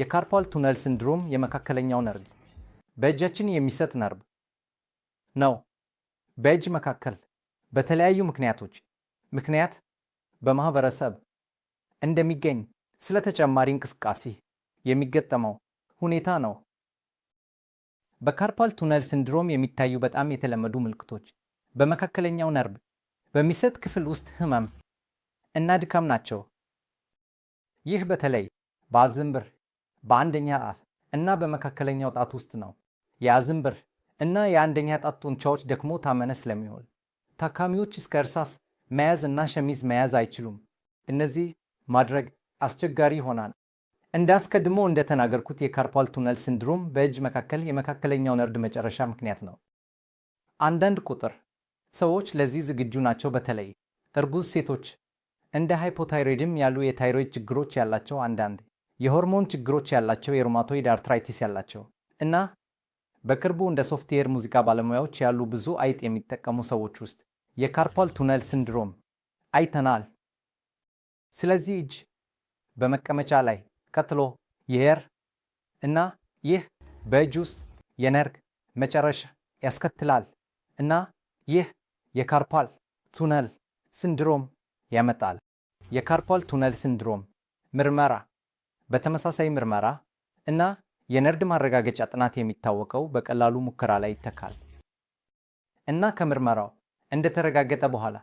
የካርፓል ቱነል ሲንድሮም የመካከለኛው ነርቭ በእጃችን የሚሰጥ ነርቭ ነው። በእጅ መካከል በተለያዩ ምክንያቶች ምክንያት በማህበረሰብ እንደሚገኝ ስለ ተጨማሪ እንቅስቃሴ የሚገጠመው ሁኔታ ነው። በካርፓል ቱነል ሲንድሮም የሚታዩ በጣም የተለመዱ ምልክቶች በመካከለኛው ነርቭ በሚሰጥ ክፍል ውስጥ ህመም እና ድካም ናቸው። ይህ በተለይ በአዝንብር በአንደኛ አፍ እና በመካከለኛው ጣት ውስጥ ነው። የአዝንብር እና የአንደኛ ጣት ጡንቻዎች ደክሞ ታመነ ስለሚሆን ታካሚዎች እስከ እርሳስ መያዝ እና ሸሚዝ መያዝ አይችሉም። እነዚህ ማድረግ አስቸጋሪ ይሆናል። አስቀድሞ እንደተናገርኩት የካርፓል ቱነል ሲንድሮም በእጅ መካከል የመካከለኛው ነርድ መጨረሻ ምክንያት ነው። አንዳንድ ቁጥር ሰዎች ለዚህ ዝግጁ ናቸው። በተለይ እርጉዝ ሴቶች፣ እንደ ሃይፖታይሮይድም ያሉ የታይሮይድ ችግሮች ያላቸው አንዳንድ የሆርሞን ችግሮች ያላቸው የሮማቶይድ አርትራይቲስ ያላቸው እና በቅርቡ እንደ ሶፍትዌር ሙዚቃ ባለሙያዎች ያሉ ብዙ አይጥ የሚጠቀሙ ሰዎች ውስጥ የካርፓል ቱነል ሲንድሮም አይተናል። ስለዚህ እጅ በመቀመጫ ላይ ቀጥሎ የየር እና ይህ በእጅ ውስጥ የነርግ መጨረሻ ያስከትላል እና ይህ የካርፓል ቱነል ሲንድሮም ያመጣል። የካርፓል ቱነል ሲንድሮም ምርመራ በተመሳሳይ ምርመራ እና የነርድ ማረጋገጫ ጥናት የሚታወቀው በቀላሉ ሙከራ ላይ ይተካል እና ከምርመራው እንደተረጋገጠ በኋላ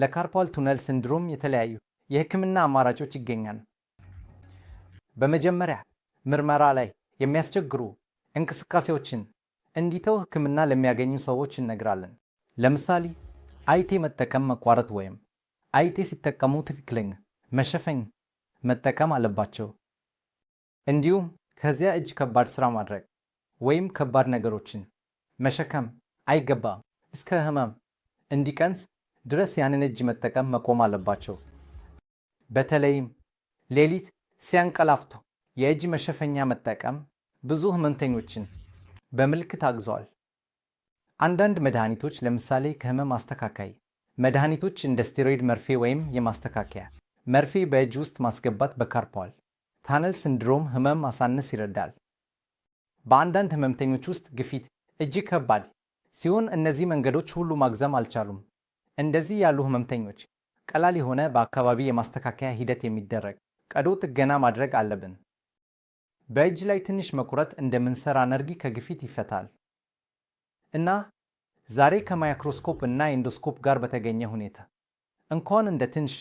ለካርፓል ቱነል ሲንድሮም የተለያዩ የህክምና አማራጮች ይገኛሉ። በመጀመሪያ ምርመራ ላይ የሚያስቸግሩ እንቅስቃሴዎችን እንዲተው ህክምና ለሚያገኙ ሰዎች እነግራለን። ለምሳሌ አይቴ መጠቀም መቋረጥ ወይም አይቴ ሲጠቀሙ ትክክለኛ መሸፈኝ መጠቀም አለባቸው። እንዲሁም ከዚያ እጅ ከባድ ሥራ ማድረግ ወይም ከባድ ነገሮችን መሸከም አይገባም። እስከ ህመም እንዲቀንስ ድረስ ያንን እጅ መጠቀም መቆም አለባቸው። በተለይም ሌሊት ሲያንቀላፍቶ የእጅ መሸፈኛ መጠቀም ብዙ ህመምተኞችን በምልክት አግዘዋል። አንዳንድ መድኃኒቶች ለምሳሌ ከህመም አስተካካይ መድኃኒቶች እንደ ስቴሮይድ መርፌ ወይም የማስተካከያ መርፌ በእጅ ውስጥ ማስገባት በካርፓል ታነል ሲንድሮም ህመም ማሳነስ ይረዳል። በአንዳንድ ህመምተኞች ውስጥ ግፊት እጅግ ከባድ ሲሆን እነዚህ መንገዶች ሁሉ ማግዘም አልቻሉም። እንደዚህ ያሉ ህመምተኞች ቀላል የሆነ በአካባቢ የማስተካከያ ሂደት የሚደረግ ቀዶ ጥገና ማድረግ አለብን። በእጅ ላይ ትንሽ መቁረጥ እንደምንሰራ ነርጊ ከግፊት ይፈታል እና ዛሬ ከማይክሮስኮፕ እና ኢንዶስኮፕ ጋር በተገኘ ሁኔታ እንኳን እንደ ትንሽ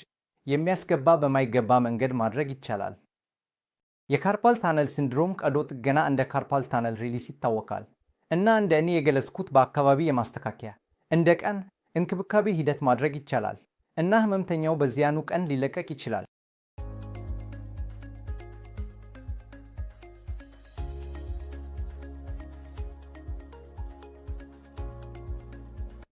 የሚያስገባ በማይገባ መንገድ ማድረግ ይቻላል። የካርፓል ታነል ሲንድሮም ቀዶ ጥገና እንደ ካርፓል ታነል ሪሊስ ይታወቃል እና እንደ እኔ የገለጽኩት በአካባቢ የማስተካከያ እንደ ቀን እንክብካቤ ሂደት ማድረግ ይቻላል እና ህመምተኛው በዚያኑ ቀን ሊለቀቅ ይችላል።